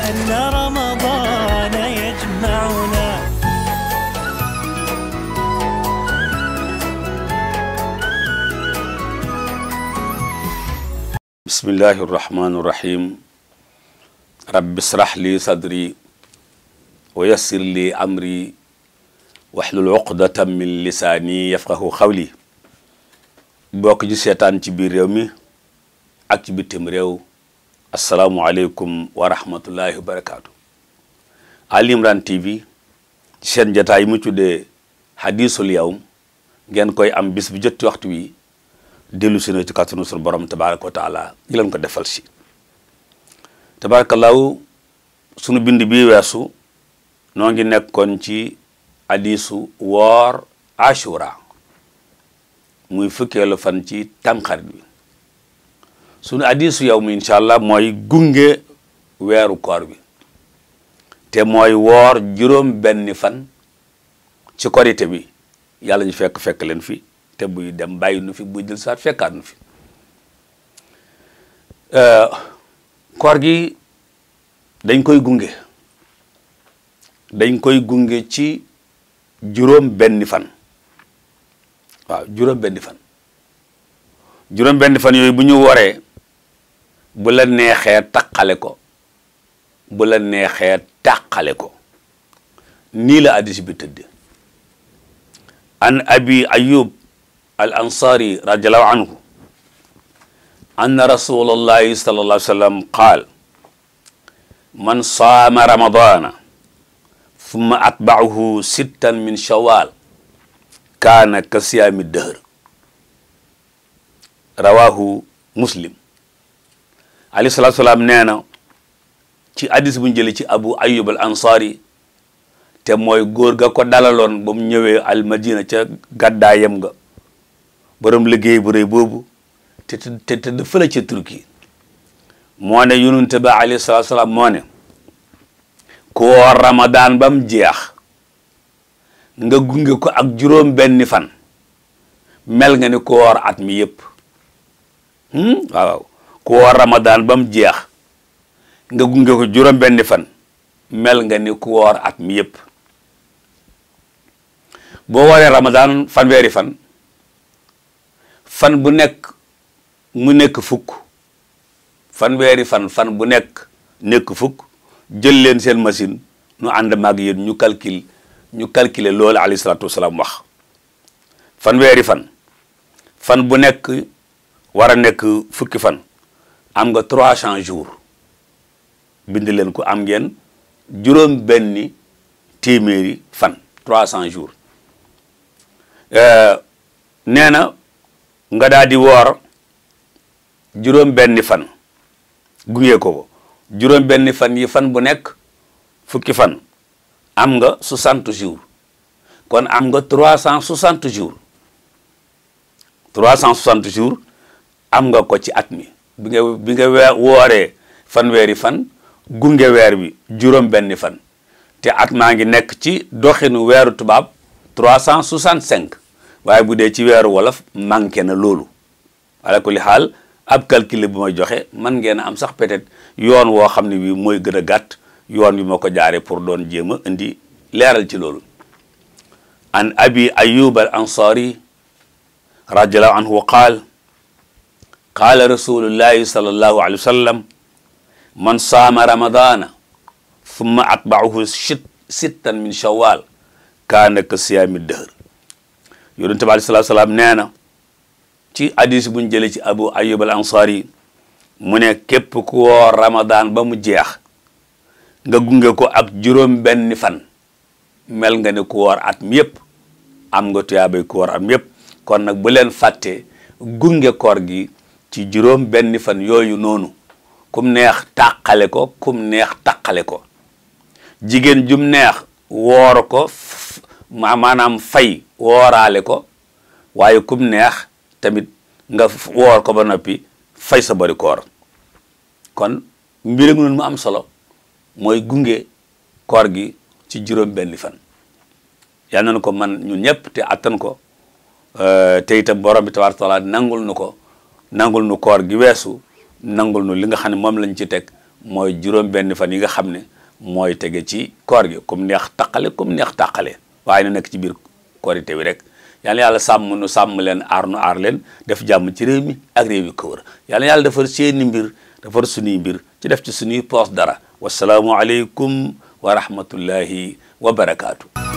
لأن رمضان يجمعنا بسم الله الرحمن الرحيم رب اشرح لي صدري ويسر لي أمري waxlul uqdatan min lisaani yafqahu xawli bokk ji seetaan ci biir réew mi ak ci bitim réew asalaamualeykum wa rahmatullahi wa barakaatu Ali Imran TV seen jotaay mu tuddee hadisul yawm ngeen koy am bis bu jot waxtu wi dellu si na ci kàttanu sunu borom tabaaraka wa taala di leen ko defal si tabaarakallaahu sunu bind bii weesu noo ngi nekkoon ci hadisu woor ashura muy fukkeelu fan ci tamxarit bi sunu hadiisu yow mi incha mooy gunge weeru koor bi te mooy woor juróom benni fan ci korite bi yàlla ñu fekk fekk leen fi te buy dem bàyyi nu fi buy del saat fekkaat nu fi euh, koor gi dañ koy gunge dañ koy gunge ci juróom benni fan waaw juróom benni fan juróom fan yooyu bu ñu waree bu la neexee taqale ko bu la neexee tàqale ko nii la addis bi tëdd an abi ayub al ansaari radiallahu anhu anna rasulallahi sallallahu alayhi wa sallam qaal man saama ramadana summa atbaahu sittan min shawal kaana ka siyaami dëhër rawahu muslim alayhi salaatu salaam nee na ci hadis bu ñu jëlee ci abu ayub al ansari te mooy góor ga ko dalaloon ba mu ñëwee al madina ca gàddaayam nga borom liggéey bu rëy boobu te te te dafa la ca turki mone ne yonent ba alayhi salaam moo ne ku woor ramadaan ba mu jeex nga gunge ko ak juróom benni fan mel nga ni ku at mi yëpp hmm? waaw ku woor Ramadan ba mu jeex nga gunge ko juróom-benni fan mel nga ni ku woor at mi yépp boo wooree Ramadan fanweeri fan fan bu nekk mu nekk fukk fanweeri fan fan bu nekk nekk fukk jël leen seen machine nu ànd maag yéen ñu calcul ñu calculer loolu alayhi salaatu wasalaam wax fanweeri fan fan bu nekk war nekk fukki fan am nga trois cent jours bind leen ko am ngeen juróom benni téeméeri fan trois cent jours euh, nee na nga daal di woor juróom benni fan gunge ko juróom benni fan yi fan bu nekk fukki fan am nga soixante jours kon am nga trois cent soixante jours trois cent soixante jours am nga ko ci at mi bi nga bi nga weer wooree fanweeri fan gunge weer bi juróom-benni fan te at maa ngi nekk ci doxinu weeru tubaab 365 waaye bu dee ci weeru wolof manqué na loolu ala kulli xaal ab calcul bu may joxe man ngeen am sax peut yoon woo xam ne bii mooy gën a gàtt yoon wi moo ko jaaree pour doon jéem a indi leeral ci loolu an abi ayub al ansari radiallahu anhu qaal qaala rasulullahi sallallahu alayhi wa sallam man saama ramadana thumma atba'ahu sittan min shawwal kaana ka siyaami dëhër yonente bi alayhi salaatu salaam nee na ci hadis bu ñu jëlee ci abu ayub al ansari mu ne képp ku woor ramadan ba mu jeex nga gunge ko ak juróom benn fan mel nga ne ku woor at mi yëpp am nga tuyaabay ku woor at mi yëpp kon nag bu leen fàtte gunge koor gi ci juróom benn fan yooyu noonu kum neex tàqale ko kum neex tàqale ko jigéen jum neex woor ko ma maanaam fay wooraale ko waaye kum neex tamit nga woor ko ba noppi fay sa bori koor kon mbir mu mu am solo mooy gunge koor gi ci juróom benni fan yal nañu ko man ñun ñëpp te attan ko eh, te itam borom bi tabaaraka taala nangul nu ko nangul nu koor gi weesu nangul nu li nga xam ne moom lañ ci teg mooy juróom-benn fan yi nga xam ne mooy tege ci koor gi comme neex taqale comme neex taqale waaye na nekk ci biir korité bi rek yàlla yàlla sàmm nu sàmm leen aar nu aar leen def jàmm ci réew mi ak réew yi ko wër yàlla yàlla defar seeni mbir defar suñuy mbir ci def ci suñuy poos dara wasalaamualeykum wa rahmatullahi wa barakaatu.